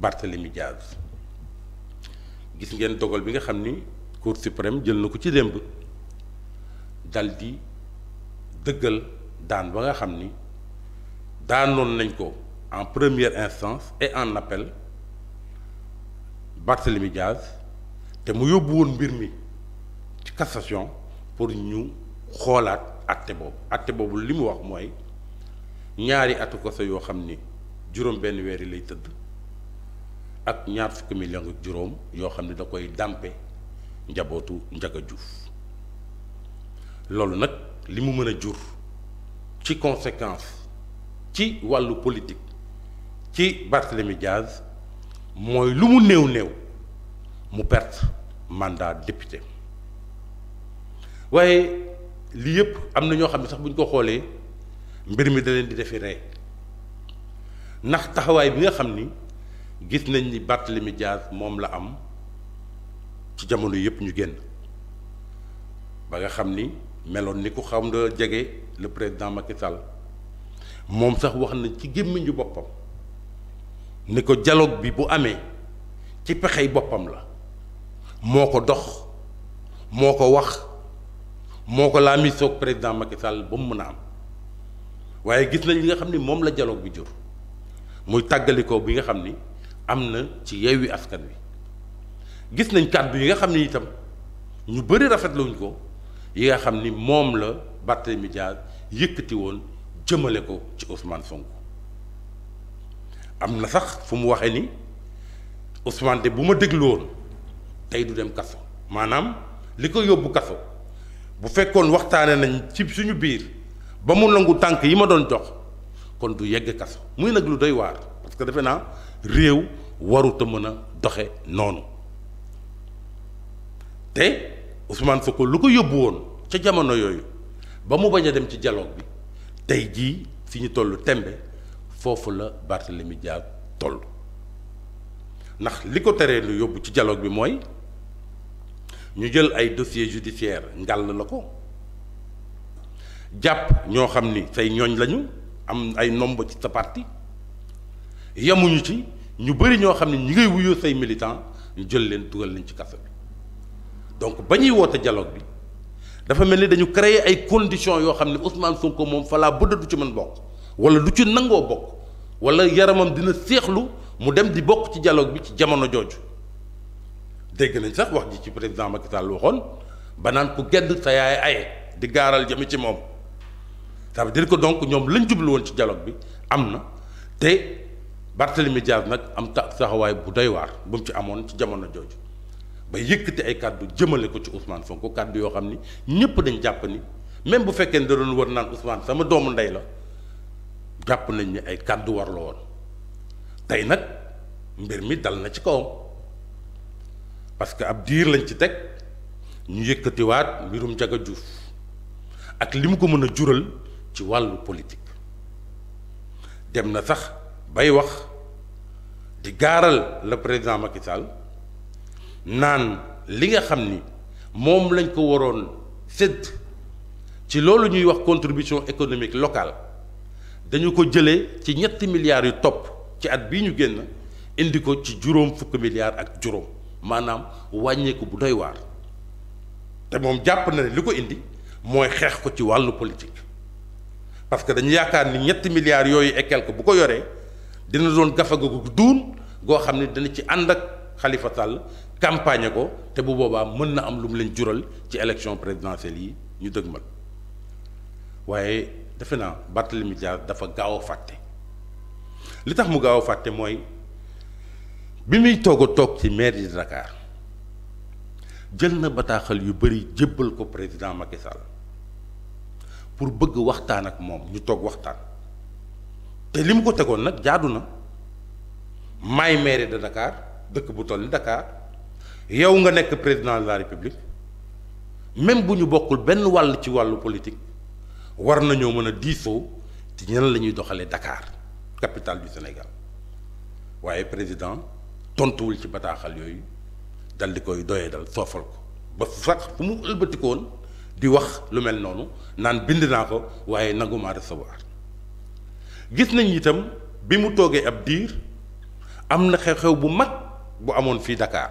Barthélemy Diaz gis ngeen dogal bi nga xam ni Cour suprême jël na ko ci démb dal di dëggal daan ba nga xam ni daanoon nañ ko en première instance et en appel Barthélemy Diaz te mu yóbbu woon mbir mi ci cassation pour ñu xoolaat acte boobu acte boobu li mu wax mooy ñaari atu kaso yoo xam ni juróom benn weer yi lay tëdd ak ñaar fukki million juróom yoo xam ne da koy dàmpe njabootu Njaga Juuf loolu nag li mu mën a jur ci conséquence ci wàllu politique ci Barthélemy Diaz mooy lu mu néew néew mu perte mandat député waaye lii yëpp am na ñoo xam ne sax bu ñu ko xoolee mbir mi da leen di defe ree ndax taxawaay bi nga xam ni gis nañ ni Barthélemy Dias moom la am ci jamono yëpp ñu génn ba nga xam ni meloon ni ku xam nga jege le président Macky Sall moom sax wax nañ ci gémmiñu boppam ni ko jaloog bi bu amee ci pexey boppam la moo ko dox moo ko wax moo ko laami soog président Macky Sall ba mu mën a am waaye gis nañ li nga xam ni moom la dialogue bi jur muy tàggalikoo bi nga xam ni am na ci Yewwi Askan Wi gis nañ kàddu yi nga xam ni itam ñu bëri rafetluwuñ ko yi nga xam ni moom la Barthélemy Dias yëkkati woon jëmale ko ci Ousmane sonk am na sax fu mu waxee ni Ousmane de bu ma déglu woon tey du dem kaso maanaam li ko yóbbu kaso bu fekkoon waxtaane nañ ci suñu biir ba mu nangu tànk yi ma doon jox kon du yegg kaso muy nag lu doy waar parce que defe naa réew waruta mën a doxe noonu te Ousmane Sonko lu ko yóbbu woon ca jamono yooyu ba mu bañ a dem ci dialogue bi tey jii fi ñu toll tembe foofu la Barthélemy Dias toll ndax li ko teree lu yóbbu ci dialogue bi mooy ñu jël ay dossier judiciaire ngàll la ko jàpp ñoo xam ni say ñooñ lañu am ay nombre ci sa parti yemuñu ci ñu bëri ñoo xam ne ñu ngay wuyoo say militan ñu jël leen dugal leen ci kaso bi donc ba ñuy woote dialogue bi dafa mel ni dañu créer ay conditions yoo xam ne Ousmane Sonko moom falaa bëdd du ci mën bokk wala du ci nangoo bokk wala yaramam dina seexlu mu dem di bokk ci jaloog bi ci jamono jooju dégg nañ sax wax ji ci président Macky Sall waxoon ba naan ku gedd sa yaay aye di gaaral jëme ci moom ça veut dire que donc ñoom lañ jublu woon ci dialogue bi am na te. Barthélemy Diaz nag am taxawaay bu doy waar bu mu ci amoon ci jamono jooju ba yëkkati ay kàddu jëmale ko ci Ousmane Sonko kàddu yoo xam ni ñëpp dañu jàpp ni même bu fekkee ne da doon war naan Ousmane sama doomu ndey la jàpp nañ ni ay kàddu war la woon tey nag mbir mi dal na ci kawam parce que ab diir lañ ci teg ñu yëkkatiwaat mbirum Ndiaga Diouf ak li mu ko mën a jural ci wàllu politique dem na sax bay wax di gaaral le président Macky Sall naan li nga xam ni moom lañ ko waroon sedd ci loolu ñuy wax contribution économique locale dañu ko jële ci ñetti milliards yu topp ci at bii ñu génn indi ko ci juróom fukki milliards ak juróom maanaam wàññeeku bu doy waar te moom jàpp na ne li ko indi mooy xeex ko ci wàllu politique parce que dañu yaakaar ni ñetti milliards yooyu et quelque bu ko yoree. dina doon gafaga gu duun goo xam ne dana ci ànd ak Khalifa Sall campagne ko te bu boobaa mën na am lu mu leen jural ci élection présidentielle yi ñu dëgmal waaye defe naa Barthélemy Dias dafa gaaw a fàtte li tax mu gaaw a fàtte mooy bi muy toog a toog ci maire de Dakar jël na bataaxal yu bëri jébbal ko président Macky pour bëgg waxtaan ak moom ñu toog waxtaan. te li mu ko tegoon nag jaadu na may maire de Dakar dëkk bu toll ni Dakar yow nga nekk président de la République même bu ñu bokkul benn wàll ci wàllu politique war nañoo mën a diisoo te ñan la ñuy doxalee Dakar capitale du Sénégal waaye président tontuwul ci bataaxal yooyu dal di koy doyee dal soofal ko ba sax fu mu ëlbatikoon di wax lu mel noonu naan bind naa ko waaye nangumaa recevoir gis nañ itam bi mu toogee ab diir am na xew-xew bu mag bu amoon fii dakaar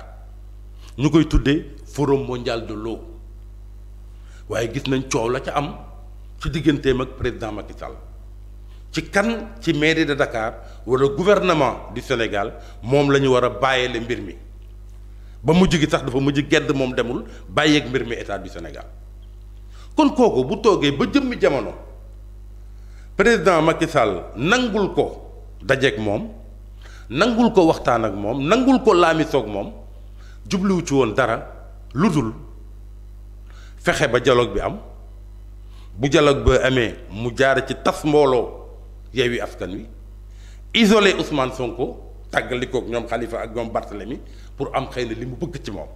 ñu koy tuddee forum mondial de l'eau waaye gis nañ coow la ca am ci digganteem ak président Macky Sall ci kan ci mairie de Dakar wala gouvernement du Sénégal moom la ñu war a bàyyile mbir mi ba mujj gi sax dafa mujj gedd moom demul bàyyeeg mbir mi état du Sénégal kon kooku bu toogee ba jëmmi jamono. président Macky Sall nangul ko dajeek moom nangul ko waxtaan ak moom nangul ko laamisoog moom jubluwu ci woon dara lu dul fexe ba dialogue bi am bu jaloog ba amee mu jaar ci tas mbooloo Yewwi Askan Wi isolé Ousmane Sonko tàggalikoog ñoom Khalifa ak ñoom Barthélemy pour am xëy na li mu bëkk ci moom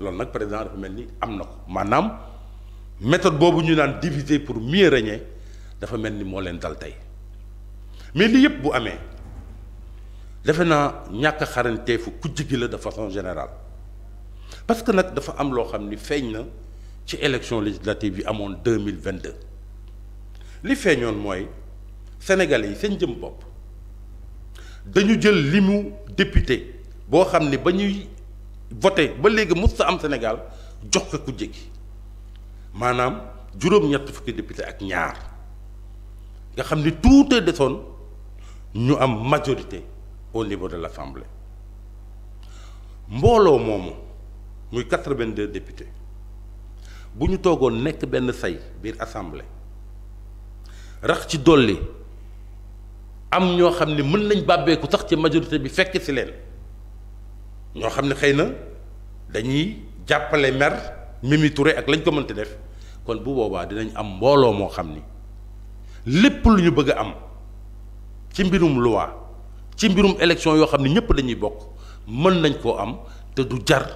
loolu nag président dafa mel ni am na ko maanaam méthode boobu ñu naan diviser pour mieux régner dafa mel ni moo leen dal tey mais lii yëpp bu amee defe na ñàkk xaranteefu kujj gi la de façon général parce que nag dafa am loo xam ni feeñ na ci élection législative yi amoon deux mille vingt deux li feeñoon mooy sénégalais yi seen jëm bopp dañu jël li mu député boo xam ni ba ñuy voté ba léegi mës sa am Sénégal jox ko kujje gi maanaam juróom-ñett fukki député ak ñaar. nga xam ni tuutee desoon ñu am majorité au niveau de l'Assemblée mbooloo moomu muy quatre-vingt-deux députés bu ñu toogoon nekk benn say biir assemblée rax ci dolli am ñoo xam ni mën nañ bàbbeeku sax ci majorité bi fekk ci leen ñoo xam ne xëy na dañuy jàppale mer Mimi ak lañ ko mënti def kon bu boobaa dinañ am mbooloo moo xam ni. lépp lu ñu bëgg a am ci mbirum loi ci mbirum élection yoo xam ne ñëpp lañuy bokk mën nañ koo am te du jar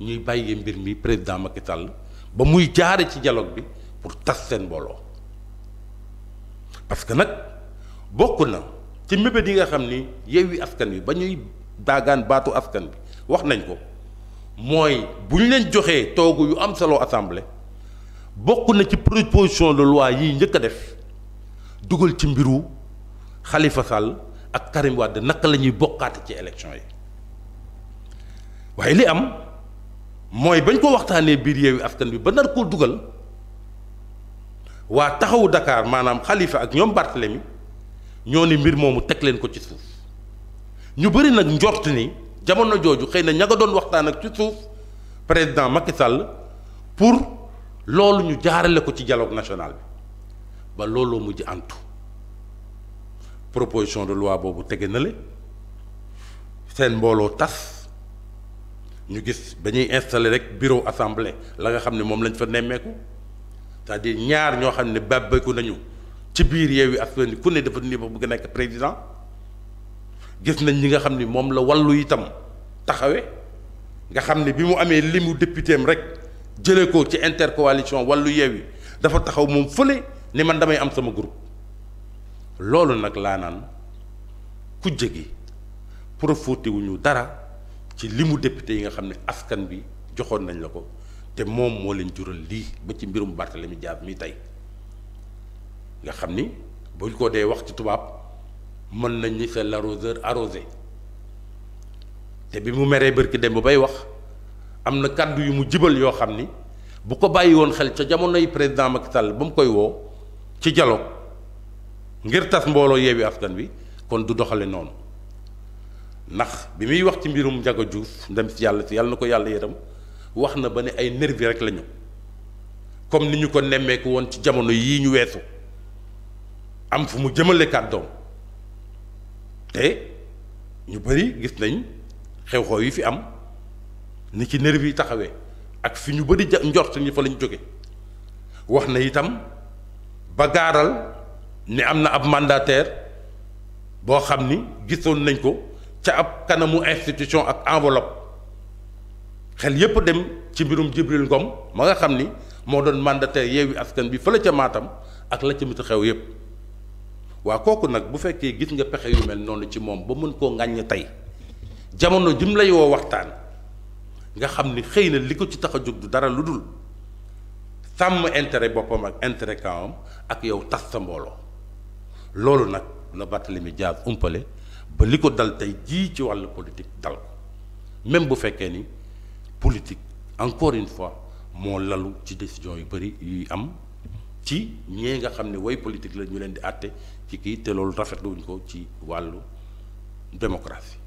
ñuy bàyyee mbir mi président Macky Sall ba muy jaare ci dialogue bi pour tas seen mbooloo parce que nag bokk na ci mébét yi nga xam ni Yewwi Askan Wi ba ñuy daagaan baatu askan bi wax nañ ko mooy bu ñu leen joxee toogu yu am solo assemblée bokk na ci proposition de loi yi njëkk a def dugal ci mbiru Khalifa Sall ak Karim Wade naka la ñuy bokkaate ci élection yi waaye li am mooy bañ ko waxtaanee biir Yewwi Askan Wi ba nar koo dugal waa taxawu dakaar maanaam xalifa ak ñoom Barthélemy ñoo ni mbir moomu teg leen ko ci suuf ñu bëri nag njort ni jamono jooju xëy na ña nga doon waxtaan ak ci suuf président Macky Sall pour loolu ñu jaarale ko ci dialogue national bi ba looloo mujj antu proposition de loi boobu tege na le seen mbooloo tas ñu gis ba ñuy installé rek bureau assemblée la nga xam ne moom lañ fa nemmeeku cest à ñaar ñoo xam ne bàbbeeku nañu ci biir Yewwi yi Wi ku ne dafa nii ba bëgg nekk président gis nañ ñi nga xam ni moom la wallu itam taxawe nga xam ne bi mu amee limu député rek jëlee ko ci intercoalition yeew yi dafa taxaw moom fële. ni man damay am sama group loolu nag laa naan kujje gi pour wu ñu dara ci li mu député yi nga xam ne askan bi joxoon nañ la ko te moom moo leen jural lii ba ci mbirum Barthélemy Dias mi tey nga xam ni buñ ko dee wax ci tubaab mën nañ ni c'est l'arroseur arrosé te bi mu meree bërki dem bay wax am na kàddu yu mu jibal yoo xam ni bu ko bàyyi woon xel ca jamonoy président Macky Sall ba mu koy woo ci dialogue ngir tas mbooloo yeewi askan bi kon du doxale noonu ndax bi muy wax ci mbirum Ndiaga Diouf ndem si yàlla si yàlla na ko yàlla yëram wax na ba ne ay nervi rek lañu ñu comme ni ñu ko nemmeeku woon ci jamono yii ñu weesu am fu mu jëmale kàddoom te ñu bari gis nañ xew-xew yi fi am ni ci nervi yi taxawee ak fi ñu bari ja njort fa la jóge wax na itam. ba gaaral ni am na ab mandataire boo xam ni gisoon nañ ko ca ab kanamu institution ak enveloppe xel yépp dem ci mbirum Jibril Ngom ma nga xam ni moo doon mandataire Yewwi Askan bi fële ca maatam ak la ca miti xew yépp waa kooku nag bu fekkee gis nga pexe yu mel noonu ci moom ba mën koo ŋàññ tey jamono jim lay woo waxtaan nga xam ni xëy na li ko ci tax a jóg du dara lu dul sàmm intérêt boppam ak intérêt kaam ak yow tas sa mbooloo loolu nag na la mi Dias umpale ba li ko dal tey jii ci wàllu politique dal ko même bu fekkee ni politique encore une fois moo lalu ci décision yu bëri yuy am ci ñee nga xam ne way politique la ñu leen di àtte ci kii te loolu rafetluwuñ ko ci wàllu démocratie